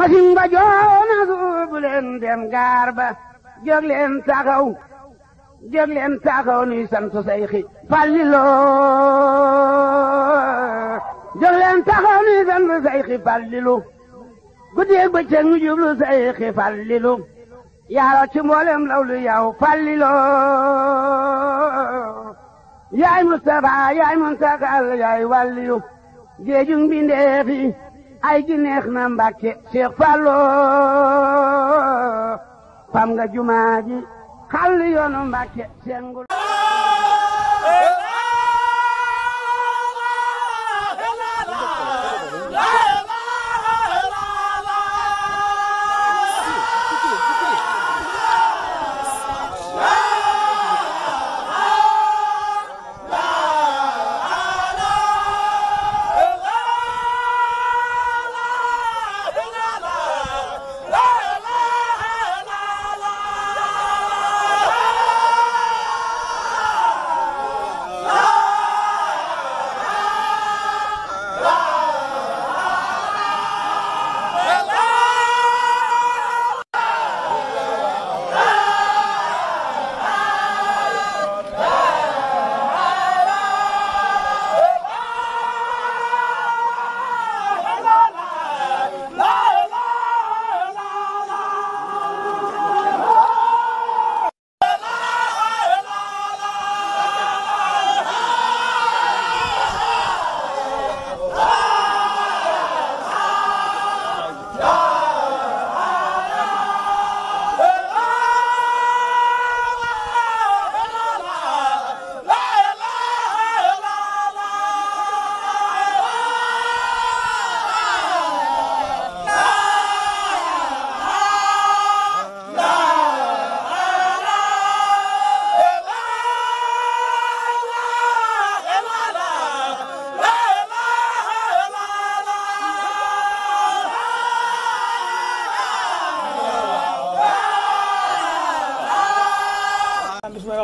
ma ba joona suubu leen dem gaar ba jóg leen taxaw jóg leen taxaw nuy sant sayxi Fallilo jóg leen taxaw nuy sant sayxi Fallilu guddeeg bëccëg nu jublu sayxi Fallilu yaaro ci mboolem lawlu yow Fallilo yaay Mustafa yaay Muntakal yaay wàlliyu géejum bi ay gi neex na mbàkke Cheikh Fallo fam nga jumaa ji xal yoonu mbàkke sengul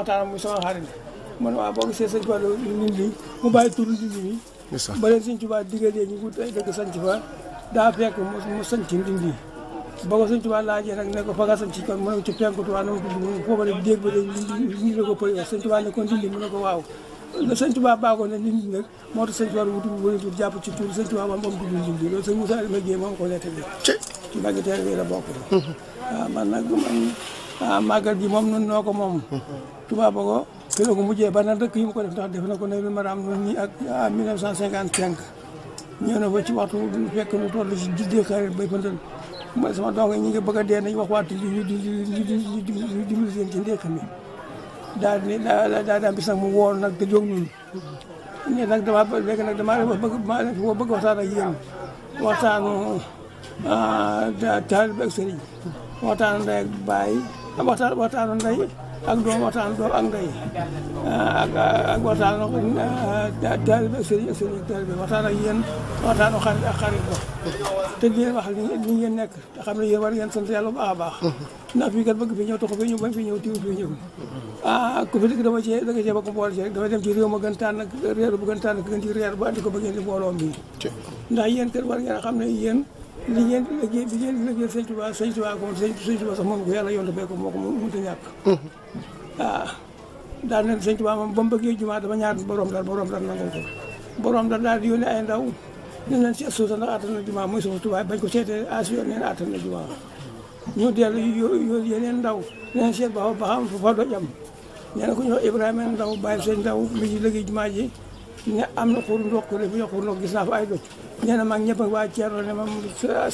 waxtaan muy sama xarit man waa boo gisee sëñ Fallou ñun lii mu bàyyi tur nit ñi. incha allah ba ñu wut ay dëkk sanc fa daa fekk mu mu sanc Ndindi ba mu ne ko ci ma ko dugg foofa la dégg ba de ñu ne ko mu ne moo tax sëñ Tuubaa wutu ci tur sëñ Tuubaa moom moom dugg Ndindi mm-hmm. ah, ah, gi moom nun noo ko moom mm-hmm. tubaab ko ki la ko ba na dëkk yi mu ko def ndax def na ko ne bi maraam noonu nii ak à ah, 1955 ñëw na fa ci waxtu fekk nu toll ci juddee xarit bay pëndal ma sama dong ñi ngi bëgg a dee nañ wax waat li li li li dimbali ci ndékk mi daal di daa mu woon nag te jóg ne nag dama léegi nag dama bëgg ma bëgg waxtaan ak yéen waxtaanu ah, taalibe ak sëriñ waxtaanu ndey ak baay waxtaan waxtaanu ndey ak doom waxtaan doom ak ndey ah, ak ak waxtaan ak ah, taalibe sëriñ sëriñ taalibe waxtaan ak yéen waxtaan ak xarit ak xarit ba te di leen nekk te xam ne yéen war ngeen sant yàlla bu baax a baax ndax fii kat bëgg fi ñëw taxu fi ñëw bañ fi ñëw tiw fi ñëw ah ku fi dëkk dama cee danga cee ba ko boole ci dem ci réew ma gantaan tànn ak réer bu gën tànn ak gën ci ko ba ngeen di mbooloo mi ndax yéen kat war ngeen xam ne yéen li ngeen liggéey bi ngeen liggéey sëñ Tuubaa sëñ Tuubaa ko sëñ Tuubaa sax moom ko yàlla yoon bee ko moo ko mënut a ñàkk waaw mm-hmm. ah, daal ba mu bëggee jumaa dafa ñaar borom daal borom daal nangoo ko borom daal daal di yónnee ay ndaw ne leen si suuf sax ndax attan na jumaa mooy suufu Tuubaa bañ ko seetee as ah, yoon ñu dellu yo yeneen ndaw ne leen ba xam fa doj am nee na ko ñoo Ibrahima ndaw bàyyi sëñ ndaw mi ci liggéey jumaa ji ña am na xur ndox la bu ñu xur ndox gis naa fa ay doj nee na maa ngi ñëpp a waa Thierno ne ma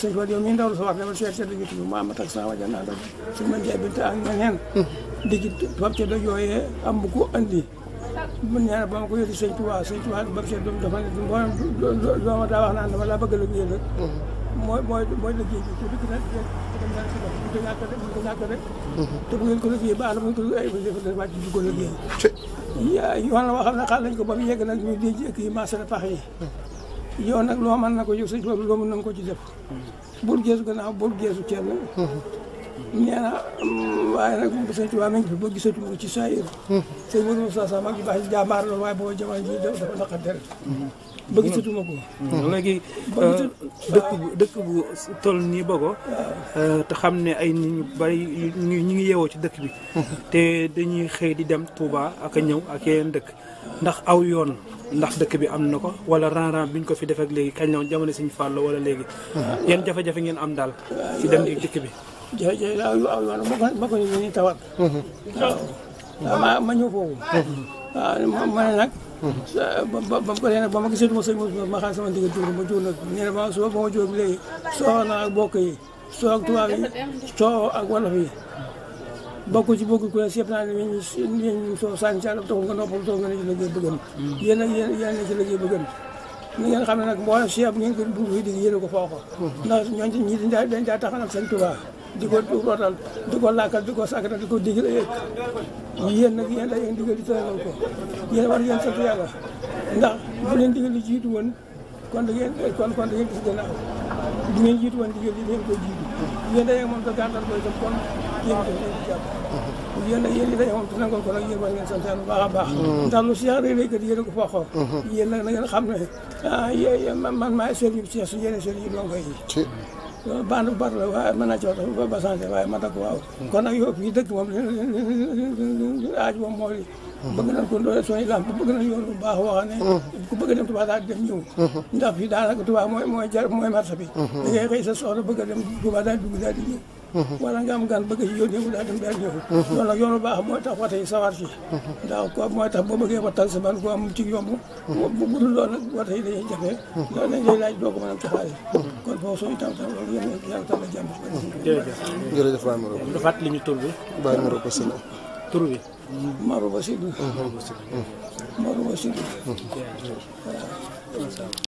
sëñ Fallou yow mii ndaw la sa wax dama seet seet dëgg bi mu am tak sa wajan naa doj su ma jaay bint ak ñeneen mm-hmm. digi fab ca doj yooyee am bu ko andi nee na ba ma ko yëgi sëñ Touba sëñ Touba ba mu seet doom dafa ne du mboolem daa wax naan dama laa bëgg la mooy mooy mooy liggéey bi te dëkk nag mënut a ñàkk rek mënut a ñàkk rek. Mhm. te bu ngeen ko liggéey ba àll bu ngeen ko liggéey wàcc ko liggéey. yoon la xaal nañ ko ba mu yegg nag ñu denc ak yi maasale pax loo mën na ko yow sa tool loo mën na ko ci def. Mhm. bul geesu gannaaw bul geesu kenn. Mhm. nee na mm, waaye nag moom sëñ Tuubaa mi ngi fi boo gisatu ko ci saa yëngu. sëñ Mourou Moussa Sama ak yu baax yi jàmbaar loolu waaye boo jamono jii dafa naqar deret bëgg sutuma ko. Mm-hmm. léegi euh, dëkk bu dëkk bu toll nii ba euh, te xam ne ay nit ñu bari ñu ngi yewoo ci dëkk bi. Mm-hmm. te dañuy xëy di dem Touba ak a ñëw ak yeneen dëkk ndax aw yoon. ndax dëkk bi am na ko wala ran bi ñu ko fi def ak léegi kañ la jamono Sëñ Fallu wala léegi. Mm-hmm. yan jafe-jafe ngeen am daal ci dem di bi. jafe ñu tawat. waaw ma ñëw foofu. waaw ah, ma ne nag. ba ba ba nag ba ma gisatu ma sëñ Moussa ma ma jur nag nee na ma suba ba ma jur léegi soo na ak bokk yi soo a tubaab yi soo ak wolof yi. bokku ci bokku kuréel yëpp naa ne soo sànni ci àll bi taxul nga noppal soo nga ne ci liggéey bëggam. yéen ak a ci liggéey bëggam. ni xam ne nag mboolem Cheikh bi ngeen ko bu fi digg yéen a ko foofa. Hmm. ndax ñooñu ñii dañ daa dañ daa taxal di ko rotal di ko laakal di ko sàkkatal di ko digal yen yéen nag yéen la yéen digal di tëralal ko yéen war yéen sant yàlla ndax bu leen digal di jiitu woon kon da ngeen kon kon da ngeen gis gannaaw di ngeen jiitu woon digal di ngeen koy jiitu yéen dañoo moom ko gàttal koy itam kon yéen itam leen di jàpp nag ko nag yéen war baax a baax mm-hmm. ndax lu Cheikh rek léykat yéen mm-hmm. na ngeen xam ne ah, man maay seen yu Cheikh su yéene seen yu yi loolu baax na bu baax la waaye mën naa ci wax ba ba changé waaye ma dagg waaw. kon nag yow fii dëkk moom aaj moom moo bëgg nañ ko doole son islam bëgg nañ yoon bu baax waxaa ne mm-hmm. bëgg dem Touba daal dem ñëw mm-hmm. ndax fii daanaka Touba mooy mooy mooy marché bi mm-hmm. da a dem Touba dugg daal di ñëw gan bëgg si yoon yëngu daal dem daal ñëw yoon bu baax mooy tax wate yi sawar si ndax ko mooy tax boo bëggee watal sa ko am ci yomb bu budul loolu nag yi dañuy jafe loolu dañ lay laaj doo ko mën a taxaale kon foofu sooy tam tam loolu yéen yàlla tam la jàmm jërëjëf Baye Mor dafaat li ñu tur bi Baye Mor ma Basilo. Maro Basilo.